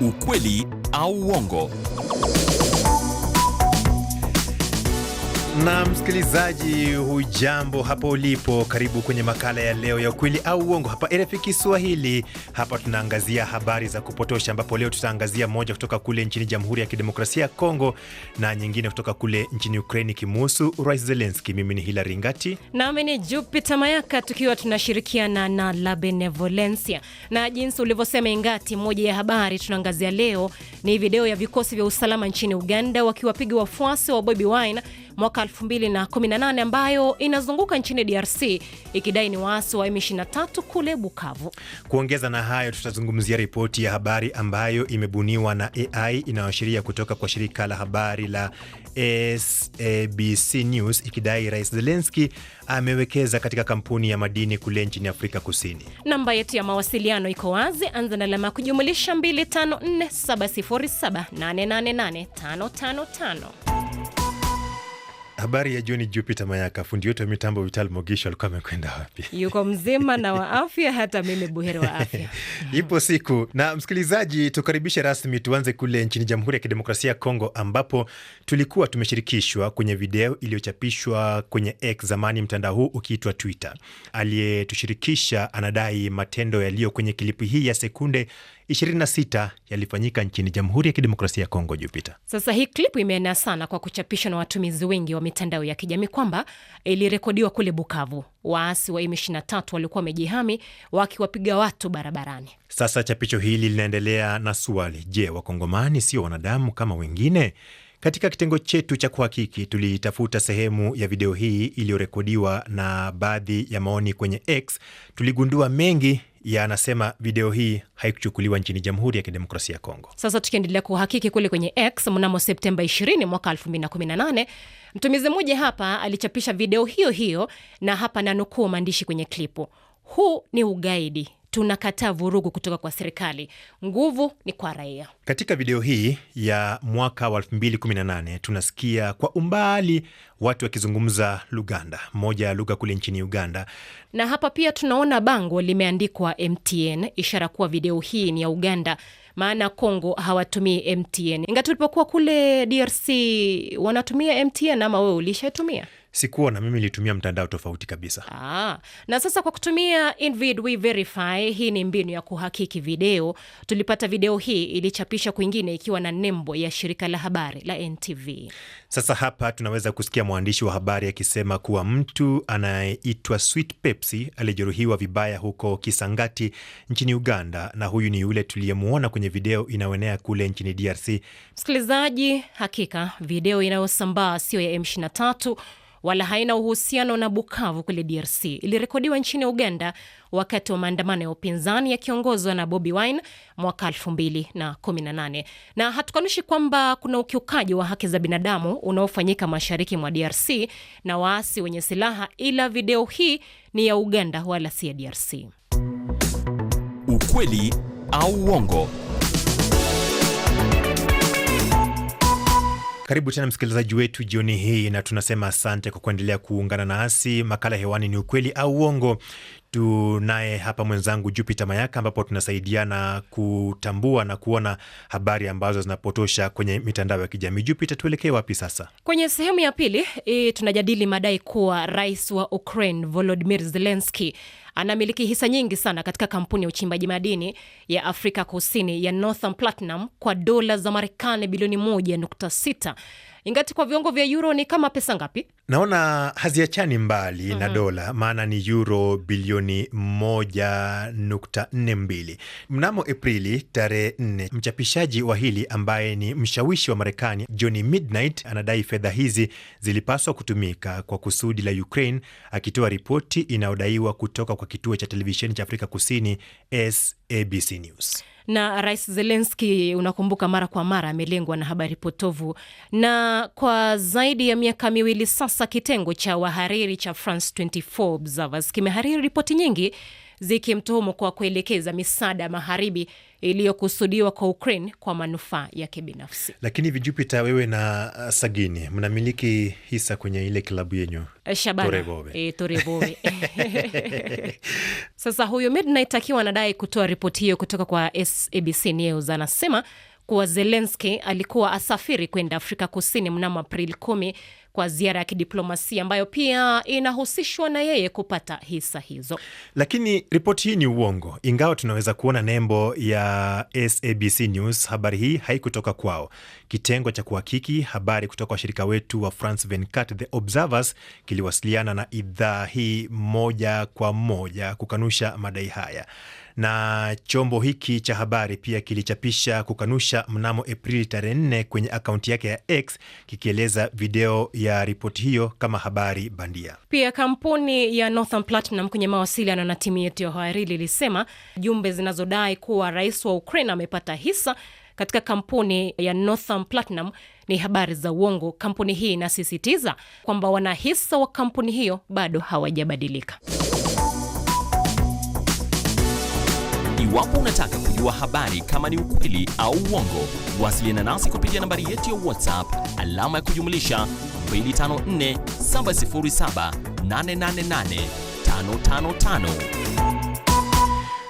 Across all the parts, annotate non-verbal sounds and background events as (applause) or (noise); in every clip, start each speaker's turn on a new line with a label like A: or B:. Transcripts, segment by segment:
A: Ukweli au uongo. Na msikilizaji, hujambo hapo ulipo? Karibu kwenye makala ya leo ya ukweli au uongo hapa RFI Kiswahili. Hapa tunaangazia habari za kupotosha, ambapo leo tutaangazia moja kutoka kule nchini Jamhuri ya Kidemokrasia ya Kongo na nyingine kutoka kule nchini Ukraini kimuhusu Rais Zelenski. Mimi ni Hilari Ngati
B: nami ni jupite Mayaka, tukiwa tunashirikiana na La Benevolencia na jinsi ulivyosema Ingati, moja ya habari tunaangazia leo ni video ya vikosi vya usalama nchini Uganda wakiwapiga wafuasi wa Bobi Wine mwaka 2018 ambayo inazunguka nchini DRC ikidai ni waasi wa M23 kule Bukavu.
A: Kuongeza na hayo, tutazungumzia ripoti ya habari ambayo imebuniwa na AI inayoashiria kutoka kwa shirika la habari la SABC News ikidai Rais Zelensky amewekeza katika kampuni ya madini kule nchini Afrika Kusini.
B: Namba yetu ya mawasiliano iko wazi, anza na alama kujumulisha 254707888555.
A: Habari ya jioni, Jupiter Mayaka. Fundi wetu wa mitambo Vital Mogisho alikuwa amekwenda wapi?
B: Yuko mzima na wa afya, hata mimi buheri wa afya
A: (laughs) ipo siku. Na msikilizaji, tukaribishe rasmi, tuanze kule nchini Jamhuri ya Kidemokrasia ya Kongo, ambapo tulikuwa tumeshirikishwa kwenye video iliyochapishwa kwenye X, zamani mtandao huu ukiitwa Twitter. Aliyetushirikisha anadai matendo yaliyo kwenye klipu hii ya sekunde 26 yalifanyika nchini Jamhuri ya Kidemokrasia ya Kongo. Jupita,
B: sasa hii klipu imeenea sana kwa kuchapishwa na watumizi wengi wa mitandao ya kijamii kwamba ilirekodiwa kule Bukavu. Waasi wa M23 walikuwa wamejihami wakiwapiga watu barabarani.
A: Sasa chapisho hili linaendelea na swali, je, wakongomani sio wanadamu kama wengine? Katika kitengo chetu cha kuhakiki tulitafuta sehemu ya video hii iliyorekodiwa na baadhi ya maoni kwenye X. Tuligundua mengi ya anasema video hii haikuchukuliwa nchini Jamhuri ya Kidemokrasia ya Kongo.
B: Sasa tukiendelea kuhakiki kule kwenye X, mnamo Septemba 20 mwaka 218 mtumizi mmoja hapa alichapisha video hiyo hiyo, na hapa nanukuu maandishi kwenye klipu: huu ni ugaidi tunakataa vurugu kutoka kwa serikali, nguvu ni kwa raia.
A: Katika video hii ya mwaka wa 2018 tunasikia kwa umbali watu wakizungumza Luganda, moja ya lugha kule nchini Uganda,
B: na hapa pia tunaona bango limeandikwa MTN, ishara kuwa video hii ni ya Uganda, maana congo hawatumii MTN. Inga tulipokuwa kule DRC wanatumia MTN, ama wewe ulishatumia?
A: Sikuona, mimi ilitumia mtandao tofauti kabisa.
B: Aa, ah, na sasa kwa kutumia InVid We Verify, hii ni mbinu ya kuhakiki video. Tulipata video hii ilichapisha kwingine ikiwa na nembo ya shirika la habari la NTV.
A: Sasa hapa tunaweza kusikia mwandishi wa habari akisema kuwa mtu anayeitwa Sweet Pepsi alijeruhiwa vibaya huko Kisangati nchini Uganda, na huyu ni yule tuliyemwona kwenye video inayoenea kule nchini DRC.
B: Msikilizaji, hakika video inayosambaa sio ya M23 wala haina uhusiano na Bukavu kule DRC. Ilirekodiwa nchini Uganda wakati wa maandamano ya upinzani yakiongozwa na Bobi Wine mwaka 2018. Na hatukanushi kwamba kuna ukiukaji wa haki za binadamu unaofanyika mashariki mwa DRC na waasi wenye silaha, ila video hii ni ya Uganda wala si ya DRC. Ukweli au uongo
A: Karibu tena msikilizaji wetu jioni hii, na tunasema asante kwa kuendelea kuungana nasi. Makala hewani ni ukweli au uongo tunaye hapa mwenzangu Jupiter Mayaka, ambapo tunasaidiana kutambua na kuona habari ambazo zinapotosha kwenye mitandao ya kijamii. Jupiter, tuelekee wapi sasa?
B: Kwenye sehemu ya pili e, tunajadili madai kuwa rais wa Ukraine Volodymyr Zelensky anamiliki hisa nyingi sana katika kampuni ya uchimbaji madini ya Afrika Kusini ya Northern Platinum kwa dola za Marekani bilioni 1.6 ingati kwa viwango vya euro ni kama pesa ngapi?
A: Naona haziachani mbali mm -hmm. na mhm. dola, maana ni euro bilioni 142 Mnamo Aprili tarehe 4 mchapishaji wa hili ambaye ni mshawishi wa Marekani johny Midnight anadai fedha hizi zilipaswa kutumika kwa kusudi la Ukraine, akitoa ripoti inayodaiwa kutoka kwa kituo cha televisheni cha Afrika Kusini SABC News
B: na Rais zelenski unakumbuka, mara kwa mara amelengwa na habari potovu, na kwa zaidi ya miaka miwili sasa, kitengo cha wahariri cha France 24 Observers kimehariri ripoti nyingi zikimtuhumu kwa kuelekeza misaada ya magharibi iliyokusudiwa kwa Ukraine kwa manufaa yake binafsi.
A: Lakini hivi Jupiter, wewe na uh, Sagini mnamiliki hisa kwenye ile klabu yenyu eh, eh,
B: (laughs) (laughs) Sasa huyu Midnight akiwa anadai kutoa ripoti hiyo kutoka kwa SABC News anasema kuwa Zelenski alikuwa asafiri kwenda Afrika Kusini mnamo Aprili kumi kwa ziara ya kidiplomasia ambayo pia inahusishwa na yeye kupata hisa hizo.
A: Lakini ripoti hii ni uongo, ingawa tunaweza kuona nembo ya SABC News. Habari hii haikutoka kwao. Kitengo cha kuhakiki habari kutoka washirika wetu wa France 24 The Observers kiliwasiliana na idhaa hii moja kwa moja kukanusha madai haya na chombo hiki cha habari pia kilichapisha kukanusha mnamo Aprili tarehe 4 kwenye akaunti yake ya X kikieleza video ya ripoti hiyo kama habari bandia.
B: Pia kampuni ya Northern Platinum kwenye mawasiliano na timu yetu ya hariri ilisema jumbe zinazodai kuwa rais wa Ukraine amepata hisa katika kampuni ya Northern Platinum ni habari za uongo. Kampuni hii inasisitiza kwamba wanahisa wa kampuni hiyo bado hawajabadilika. Iwapo unataka kujua habari kama ni ukweli au uongo, wasiliana nasi kupitia nambari yetu ya
A: WhatsApp alama ya kujumlisha 254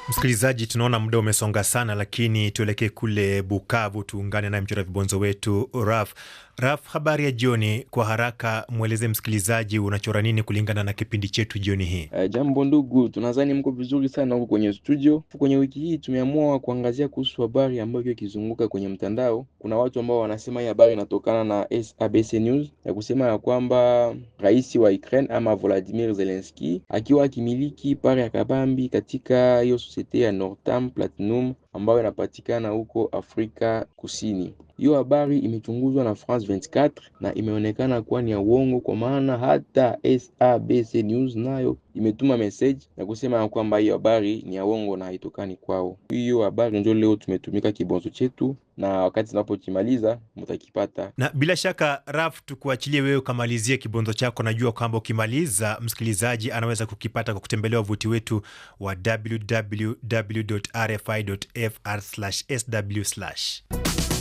A: Msikilizaji, tunaona muda umesonga sana, lakini tuelekee kule Bukavu, tuungane naye mchora vibonzo wetu Raf. Raf, habari ya jioni. Kwa haraka mweleze msikilizaji unachora nini kulingana na kipindi chetu jioni hii?
C: Uh, jambo ndugu, tunadhani mko vizuri sana huko kwenye studio. Kwenye wiki hii tumeamua kuangazia kuhusu habari ambayo ikizunguka kwenye mtandao. Kuna watu ambao wanasema hii habari inatokana na SABC News ya kusema ya kwamba rais wa Ukraine ama Volodymyr Zelensky akiwa akimiliki pare ya kabambi katika hiyo sosiete ya Northam Platinum ambayo inapatikana huko Afrika Kusini. Hiyo habari imechunguzwa na France 24 na imeonekana kuwa ni ya uongo, kwa maana hata SABC News nayo imetuma message na kusema kwamba hiyo habari ni ya uongo na haitokani kwao. Hiyo habari ndio leo tumetumika kibonzo chetu, na wakati tunapokimaliza mtakipata.
A: Na bila shaka, Raf, tukuachilie wewe ukamalizie kibonzo chako. Najua kwamba ukimaliza, msikilizaji anaweza kukipata kwa kutembelea wavuti wetu wa www.rfi.fr/sw.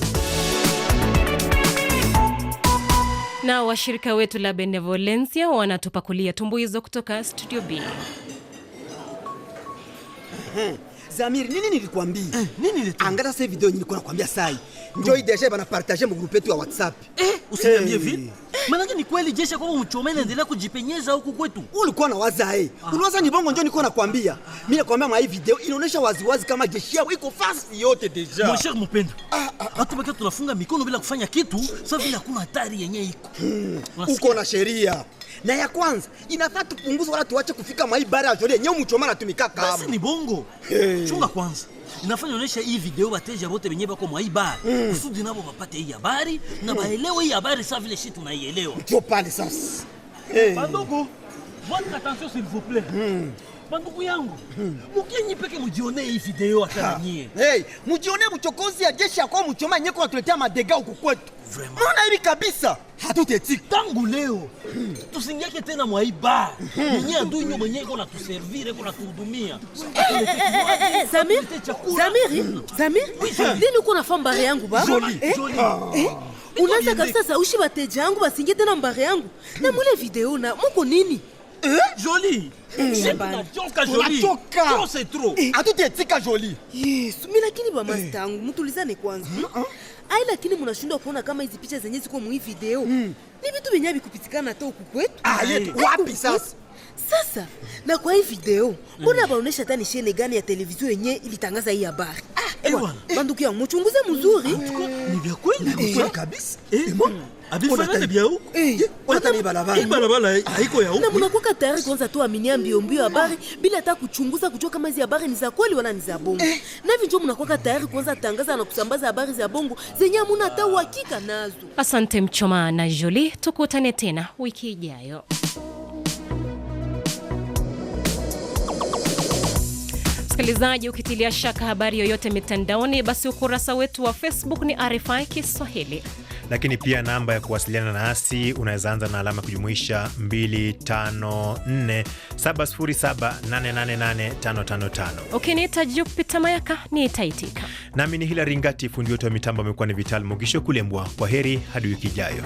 B: Na washirika wetu la Benevolencia wanatupakulia tumbuizo kutoka Studio B.
D: Eh, zamiri nini nilikwambia? Eh, nini video nilikuwa nakwambia sai. Njoo ideshe bana yetu ya WhatsApp.
E: Eh, usiniambie eh. vile. Maana ni kweli jeshi kwa mchome anaendelea kujipenyeza huku kwetu.
D: Ulikuwa na waza eh. Ah. Unawaza ni bongo ndio niko nakwambia. Mimi nakwambia mwa hii video inaonyesha wazi wazi kama jeshi yao iko fasi yote deja.
E: Mon cher mpendwa. Ah, ah, ah. tunafunga mikono bila kufanya kitu, sasa vile hakuna hatari yenyewe iko.
D: Hmm. Uko na sheria. Na ya kwanza inafaa tupunguze wala tuache kufika mwa hii bara ya jori yenyewe mchoma anatumika kama.
E: Basi ni bongo. Hey. Chunga kwanza nafanya onyesha hii video wateja wote wenyewe bako mwa hii bar mm. kusudi nabo wapate hii habari na baelewe mm. hii habari sawa vile shi tunaielewa.
D: Ndio pale sasa.
E: Bandugu, votre attention s'il vous plaît. Mm. Mandugu yangu mukinyi peke mujionee hii video hata
D: Hey, mujionee mchokozi ya jeshi yako mchoma nyeko natuletea madega huku kwetu. Mbona hivi kabisa? Hatutetiki
E: tangu leo. Hmm. Tusingeke tena mwaiba hmm. nyenye bar. adui nyo mwenye iko natuservire, iko natuhudumia.
B: Eh, eh, eh, nini hmm. uko nafanya mbare yangu ba? Joli, joli. Unaanza kabisa saushi ushi bateja yangu basingie tena mbare yangu. Na mule video na muko nini?
D: Joli. hatutetika joli
B: yesu mi lakini bamasta eh. yangu mutulizane kwanza ai lakini munashindwa kuona kama hizi picha zenye ziko mwi video hmm. ni vitu vyenye vikupitikana hata huku kwetu
D: ah, wapi sasa
B: sasa na kwa hii video hmm. mbona baonesha hata shene gani ya televizio yenye ilitangaza hii habari ah, Eh, Ewa, banduku yangu muchunguze muzuri.
D: Ni vya kweli eh, kabisa. Eh, huko. Eh, balabala. balabala haiko ya huko. Na
B: mnakuwa tayari kuanza tu aminia mbio mbio habari bila hata kuchunguza kujua kama hizi habari ni za kweli wala ni za bongo. Na hivi ndio mnakuwa tayari kuanza tangaza na kusambaza habari za bongo zenye amuna hata uhakika nazo. Asante Mchoma na Jolie, tukutane tena wiki ijayo. Msikilizaji, ukitilia shaka habari yoyote mitandaoni, basi ukurasa wetu wa Facebook ni RFI Kiswahili,
A: lakini pia namba ya kuwasiliana nasi unaweza anza na alama ya kujumuisha 254707888555.
B: Ukiniita Jupita Mayaka itaitika
A: nami ni hila ringati Fundi wetu wa mitambo amekuwa ni Vital Mugisho Kulembwa. Kwa heri hadi wiki ijayo.